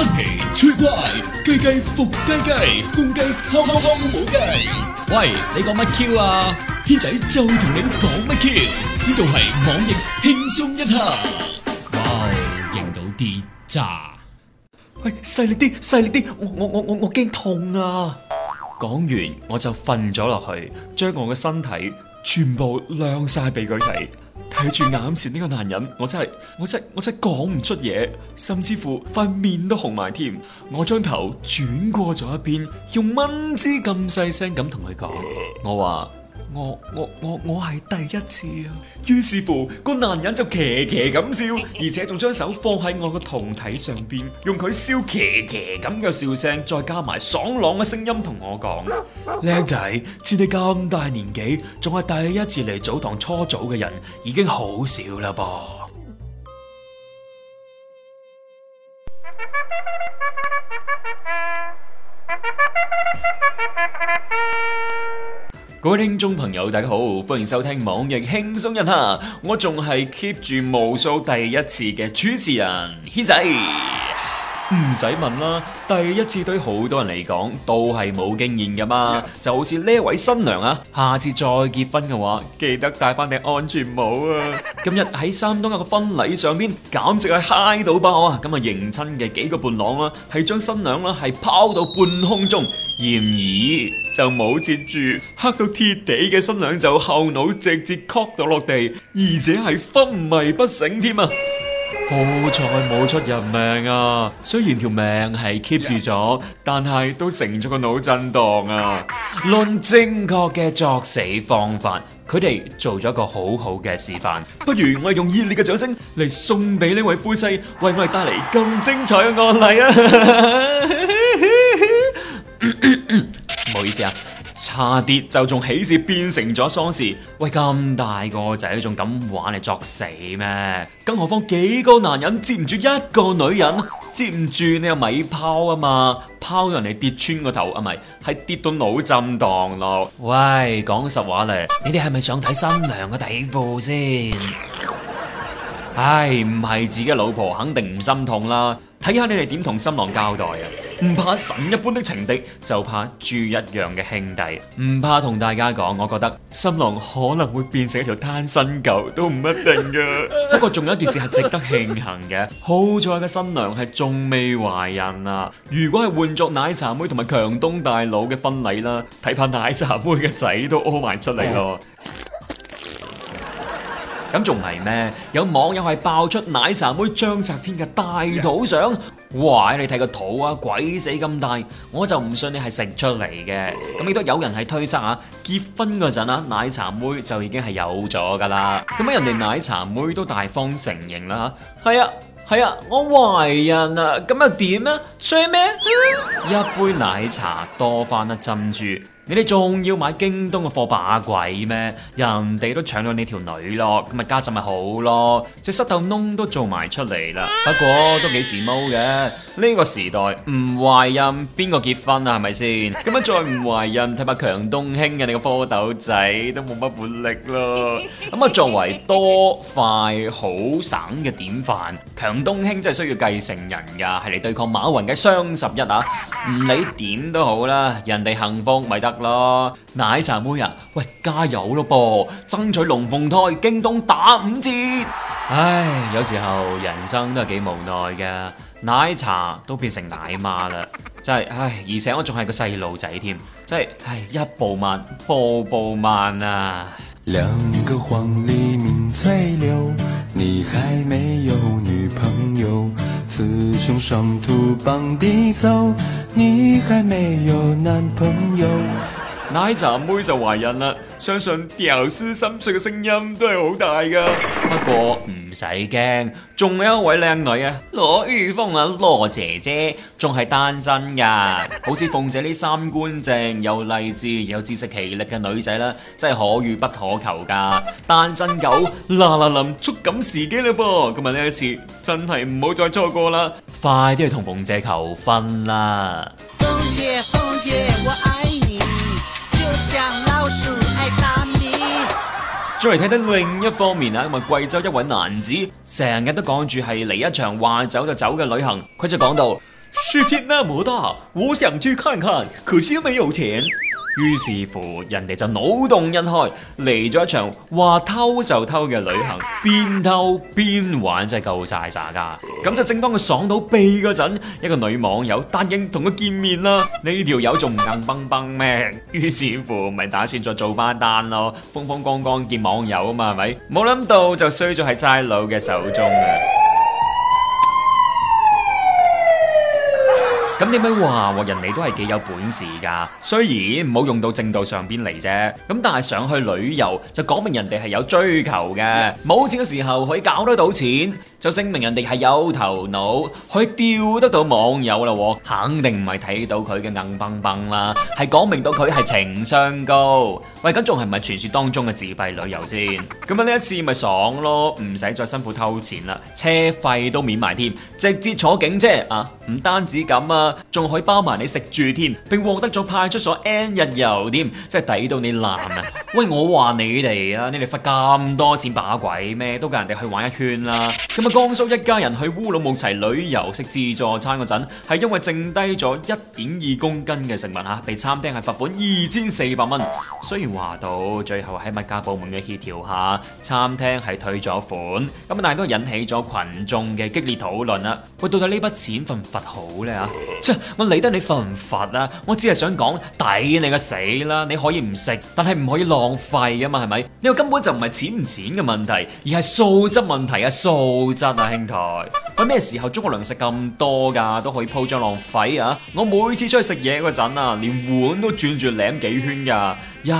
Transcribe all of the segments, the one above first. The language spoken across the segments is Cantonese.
新奇趣怪，雞雞伏雞雞，公雞敲敲敲冇雞。喂，你講乜 Q 啊？軒仔就同你講乜 Q？呢度係網易輕鬆一刻。哇哦，認到啲渣。呃、喂，細力啲，細力啲，我我我我我驚痛啊！講完我就瞓咗落去，將我嘅身體全部晾晒俾佢睇。睇住眼前呢個男人，我真係我真係我真係講唔出嘢，甚至乎塊面都紅埋添。我將頭轉過咗一邊，用蚊滋咁細聲咁同佢講，我話。我我我我係第一次啊！於是乎，個男人就騎騎咁笑，而且仲將手放喺我個胴體上邊，用佢笑騎騎咁嘅笑聲，再加埋爽朗嘅聲音同我講：靚仔 似你咁大年紀，仲係第一次嚟澡堂搓澡嘅人，已經好少啦噃。各位聽眾朋友，大家好，歡迎收聽網易輕鬆一刻，我仲係 keep 住無數第一次嘅主持人軒仔。唔使問啦，第一次對好多人嚟講都係冇經驗噶嘛，就好似呢位新娘啊，下次再結婚嘅話，記得帶翻頂安全帽啊！ 今日喺山東一個婚禮上邊，簡直係嗨到爆啊！咁啊迎親嘅幾個伴郎啊，係將新娘啦、啊、係拋到半空中，然而就冇接住，黑到鐵地嘅新娘就後腦直接磕到落地，而且係昏迷不醒添啊！好彩冇出人命啊！雖然條命係 keep 住咗，但係都成咗個腦震盪啊！論正確嘅作死方法，佢哋做咗個好好嘅示範。 不如我哋用熱烈嘅掌聲嚟送俾呢位夫妻，為我哋帶嚟咁精彩嘅案例啊！唔 好意思啊。差啲就從喜事變成咗喪事，喂咁大個仔仲咁玩嚟作死咩？更何況幾個男人接唔住一個女人，接唔住你有米拋啊嘛？拋到人哋跌穿個頭啊，咪？係跌到腦震盪咯。喂，講實話咧，你哋係咪想睇新娘嘅底褲先？唉，唔係自己老婆肯定唔心痛啦，睇下你哋點同新郎交代啊！唔怕神一般的情敵，就怕豬一樣嘅兄弟。唔怕同大家講，我覺得新郎可能會變成一條單身狗，都唔一定噶。 不過仲有一件事係值得慶幸嘅，好彩嘅新娘係仲未懷孕啊！如果係換作奶茶妹同埋強東大佬嘅婚禮啦，睇怕奶茶妹嘅仔都屙埋出嚟咯。咁仲係咩？有網友係爆出奶茶妹章澤天嘅大肚相。Yes. 哇！你睇個肚啊，鬼死咁大，我就唔信你係食出嚟嘅。咁亦都有人係推測啊，結婚嗰陣啊，奶茶妹就已經係有咗噶啦。咁啊，人哋奶茶妹都大方承認啦，係啊係啊，我懷孕啊，咁又點咧？吹咩？ 一杯奶茶多返粒珍珠。你哋仲要買京東嘅貨把鬼咩？人哋都搶咗你條女咯，咁咪家陣咪好咯，隻膝頭窿都做埋出嚟啦。啊、不過都幾時髦嘅呢、呢個時代，唔懷孕邊個結婚啊？係咪先？咁啊再唔懷孕，睇下強東興嘅你個蝌蚪仔都冇乜活力咯。咁啊 作為多快好省嘅典範，強東興真係需要繼承人㗎，係嚟對抗馬雲嘅雙十一啊！唔理點都好啦，人哋幸福咪得。啦，奶茶妹啊，喂，加油咯噃，爭取龍鳳胎，京東打五折。唉，有時候人生都係幾無奈噶，奶茶都變成奶媽啦，真係，唉，而且我仲係個細路仔添，真係，唉，一步慢，步步慢啊。兩個黃鸝鳴翠柳，你還沒有女朋友？雌雄雙兔傍地走，你還沒有男朋友。奶茶妹就懷孕啦，相信屌絲心碎嘅聲音都係好大噶。不過唔使驚，仲有一位靚女啊，羅玉鳳啊，羅姐姐仲係單身噶。好似鳳姐呢三觀正又勵志又自食其力嘅女仔啦，真係可遇不可求噶。單身狗嗱嗱臨捉緊時機啦噃，今日呢一次真係唔好再錯過啦，快啲去同鳳姐求婚啦！鳳姐，鳳姐，我愛。像老鼠愛大米。再嚟睇睇另一方面啊，咁啊，貴州一位男子成日都講住係嚟一場話走就走嘅旅行，佢就講到：世界 那麼大，我想去看看，可惜沒有錢。於是乎，人哋就腦洞一開，嚟咗一場話偷就偷嘅旅行，邊偷邊玩真係夠晒晒㗎。咁就正當佢爽到痹嗰陣，一個女網友答應同佢見面啦。呢條友仲硬崩崩咩？於是乎咪打算再做翻單咯，風風光光見網友啊嘛，係咪？冇諗到就衰咗喺差佬嘅手中啊！咁點解話人哋都係幾有本事㗎？雖然唔好用到正道上邊嚟啫，咁但係上去旅遊就講明人哋係有追求嘅。冇 Yes. 錢嘅時候可以搞得到錢。就證明人哋係有頭腦，佢釣得到網友啦，肯定唔係睇到佢嘅硬崩崩啦，係講明到佢係情商高。喂，咁仲係唔係傳說當中嘅自閉旅遊先？咁啊呢一次咪爽咯，唔使再辛苦偷錢啦，車費都免埋添，直接坐警車啊！唔單止咁啊，仲可以包埋你食住添，並獲得咗派出所 n 日遊添，真係抵到你爛啊！喂，我話你哋啊，你哋花咁多錢把鬼咩，都夠人哋去玩一圈啦。江蘇一家人去烏魯木齊旅遊食自助餐嗰陣，係因為剩低咗一點二公斤嘅食物吓，被餐廳係罰款二千四百蚊。雖然話到最後喺物價部門嘅協調下，餐廳係退咗款，咁但係都引起咗群眾嘅激烈討論啦。喂，到底呢筆錢罰唔罰好呢？吓？我理得你罰唔罰啊！我只係想講，抵你個死啦！你可以唔食，但係唔可以浪費噶嘛，係咪？因為根本就唔係錢唔錢嘅問題，而係素質問題啊素。真啊，兄台，喂，咩時候中國糧食咁多噶，都可以鋪張浪費啊！我每次出去食嘢嗰陣啊，連碗都轉住舐幾圈噶，一點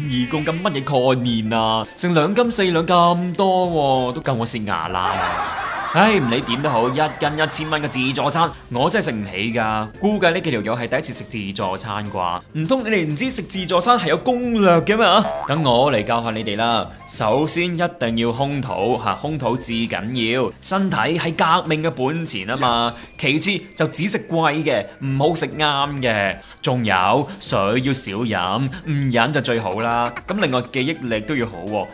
二公斤乜嘢概念啊？成兩斤四兩咁多，都夠我食牙啦。唉，唔理點都好，一斤一千蚊嘅自助餐，我真係食唔起噶。估計呢幾條友係第一次食自助餐啩？唔通你哋唔知食自助餐係有攻略嘅咩啊？等我嚟教下你哋啦。首先一定要空肚吓，空肚至緊要。身體係革命嘅本錢啊嘛。Yes! 其次就只食貴嘅，唔好食啱嘅。仲有水要少飲，唔飲就最好啦。咁另外記憶力都要好，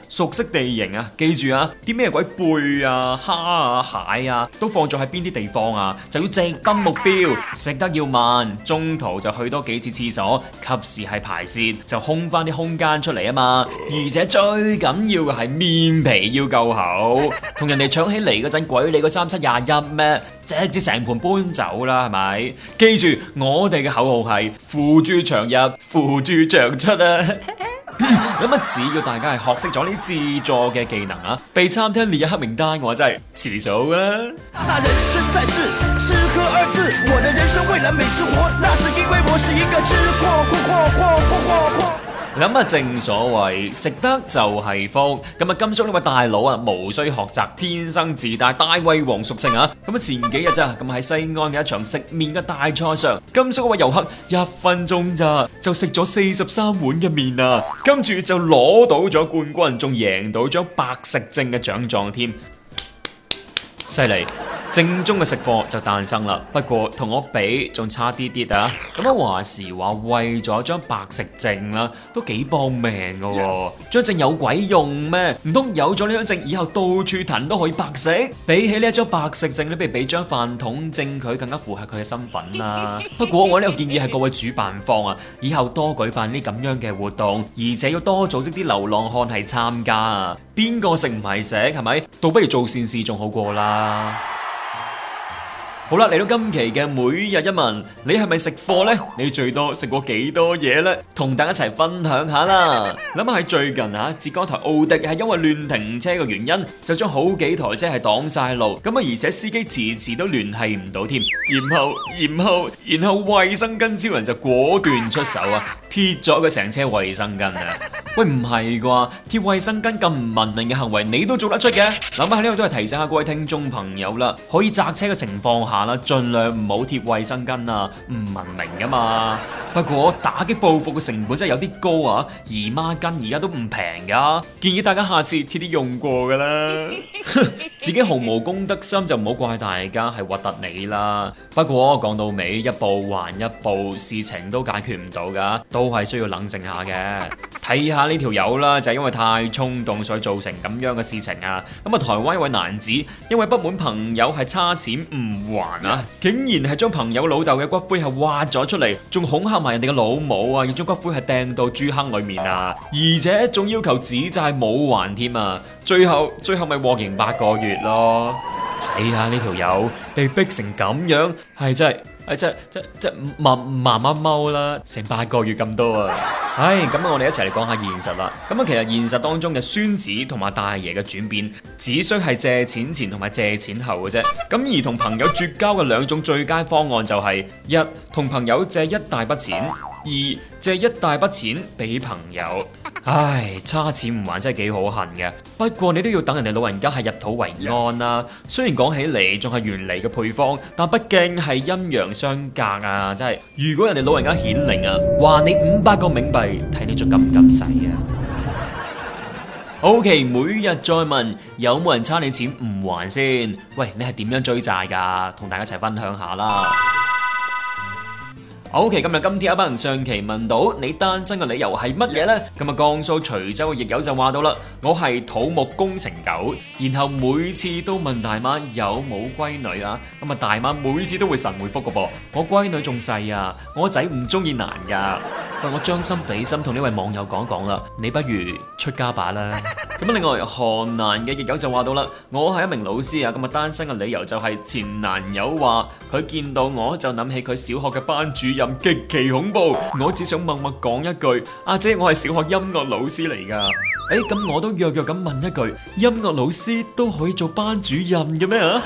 熟悉地形啊。記住啊，啲咩鬼貝啊蝦啊，牌啊，都放咗喺邊啲地方啊，就要直奔目標，食得要慢，中途就去多幾次廁所，及時係排泄，就空翻啲空間出嚟啊嘛。而且最緊要嘅係面皮要夠厚，同人哋搶起嚟嗰陣，鬼你個三七廿一咩，即直接成盤搬走啦，係咪？記住我哋嘅口號係：付諸長入，付諸長出啊。 咁啊，只、 嗯、要，要大家係學識咗呢啲自助嘅技能啊，被餐廳列入黑名單，我真係遲早啦。 咁啊，正所謂食得就係福。咁啊，甘肅呢位大佬啊，無需學習，天生自帶大胃王屬性啊！咁啊，前幾日咋，咁啊喺西安嘅一場食麵嘅大賽上，甘肅呢位遊客一分鐘咋就食咗四十三碗嘅麵啊，跟住就攞到咗冠軍，仲贏到張白食證嘅獎狀添，犀利！正宗嘅食貨就誕生啦！不過同我比仲差啲啲啊！咁啊話時話為咗張白食證啦，都幾搏命㗎喎！Yes. 張證有鬼用咩？唔通有咗呢張證以後到處騰都可以白食？比起呢一張白食證你不如俾張飯桶證佢更加符合佢嘅身份啦！ 不過我呢個建議係各位主辦方啊，以後多舉辦啲咁樣嘅活動，而且要多組織啲流浪漢嚟參加啊！邊個食唔係食？係咪？倒不如做善事仲好過啦！好啦，嚟到今期嘅每日一問，你係咪食貨呢？你最多食過幾多嘢呢？同大家一齊分享下啦。諗下喺最近啊，浙江台奧迪係因為亂停車嘅原因，就將好幾台車係擋晒路，咁啊，而且司機遲遲都聯繫唔到添。然後，然後，然後衛生巾超人就果斷出手啊，貼咗個成車衛生巾啊！喂，唔係啩？貼衛生巾咁唔文明嘅行為，你都做得出嘅？諗下喺呢度都係提醒下各位聽眾朋友啦，可以砸車嘅情況下。盡量唔好貼衛生巾啊，唔文明㗎嘛。不過打擊報復嘅成本真係有啲高啊！姨媽巾而家都唔平噶，建議大家下次貼啲用過噶啦。 自己毫無公德心就唔好怪大家係核突你啦。不過講到尾，一步還一步，事情都解決唔到噶，都係需要冷靜下嘅。睇下呢條友啦，就係因為太衝動，所以造成咁樣嘅事情啊。咁啊，台灣一位男子因為不滿朋友係差錢唔還啊，竟然係將朋友老豆嘅骨灰係挖咗出嚟，仲恐嚇。埋人哋嘅老母啊，要將骨灰係掟到豬坑裏面啊，而且仲要求指債冇還添啊，最後最後咪獲刑八個月咯，睇下呢條友被逼成咁樣，係真係。係即係即即慢慢慢踎啦，成八個月咁多啊！唉，咁啊我哋一齊嚟講下現實啦。咁啊其實現實當中嘅孫子同埋大爺嘅轉變，只需係借錢前同埋借錢後嘅啫。咁而同朋友絕交嘅兩種最佳方案就係一，同朋友借一大筆錢；二，借一大筆錢俾朋友。唉，差錢唔還真係幾可恨嘅。不過你都要等人哋老人家係入土為安啦、啊。雖然講起嚟仲係原嚟嘅配方，但畢竟係陰陽相隔啊，真係。如果人哋老人家顯靈啊，話你五百個冥幣，睇你仲敢唔敢使啊？OK，每日再問有冇人差你錢唔還先？喂，你係點樣追債㗎？同大家一齊分享下啦。O.K. 今日，今天一班人，上期問到你單身嘅理由係乜嘢呢？Yes. 今日江蘇徐州嘅亦友就話到啦，我係土木工程狗，然後每次都問大媽有冇閨女啦、啊，咁啊大媽每次都會神回覆個噃，我閨女仲細啊，我仔唔中意男噶。我將心比心，同呢位網友講講啦。你不如出家吧啦。咁另外河南嘅日友就話到啦，我係一名老師啊。咁啊，單身嘅理由就係前男友話佢見到我就諗起佢小學嘅班主任極其恐怖。我只想默默講一句，阿、啊、姐我係小學音樂老師嚟噶。誒、欸，咁我都弱弱咁問一句，音樂老師都可以做班主任嘅咩啊？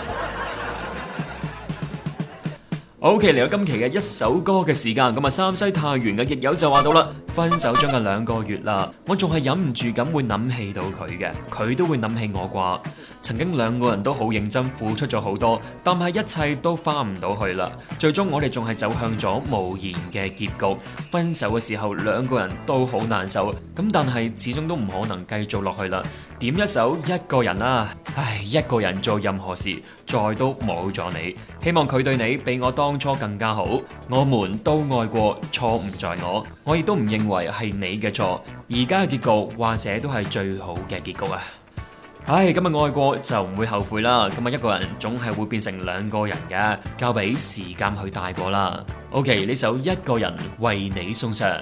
Ok，嚟到今期嘅一首歌嘅時間，咁啊，山西太原嘅亦友就話到啦，分手將近兩個月啦，我仲係忍唔住咁會諗起到佢嘅，佢都會諗起我啩。曾經兩個人都好認真付出咗好多，但係一切都返唔到去啦。最終我哋仲係走向咗無言嘅結局。分手嘅時候兩個人都好難受，咁但係始終都唔可能繼續落去啦。點一首一個人啦，啊，唉，一個人做任何事，再都冇咗你。希望佢對你比我當初更加好。我們都愛過，錯唔在我，我亦都唔認為係你嘅錯。而家嘅結局或者都係最好嘅結局啊。唉，今日愛過就唔會後悔啦。今日一個人總係會變成兩個人嘅，交俾時間去帶過啦。OK，呢首《一個人》為你送上。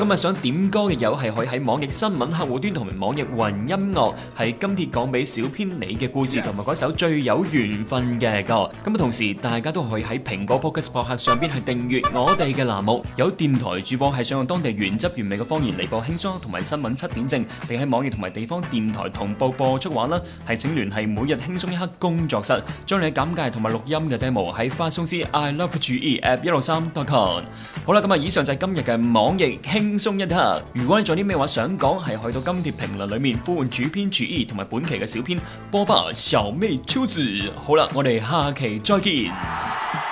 今日想點歌嘅友係可以喺網易新聞客戶端同埋網易雲音樂，係今次講俾小編你嘅故事同埋嗰首最有緣分嘅歌。咁啊，同時大家都可以喺蘋果 Podcast 播客上邊係訂閱我哋嘅欄目，有電台主播係想用當地原汁原味嘅方言嚟播輕鬆一刻同埋新聞七點正，並喺網易同埋地方電台同步播出話啦。係請聯繫每日輕鬆一刻工作室，將你嘅簡介同埋錄音嘅 demo 喺發送至 iLoveGeeApp163.com。好啦，咁啊，以上就係今日嘅網易輕。輕鬆一刻，如果你仲有啲咩話想講，係去到今帖評論裏面呼喚主編主意同埋本期嘅小編波波有咩超字？好啦，我哋下期再見。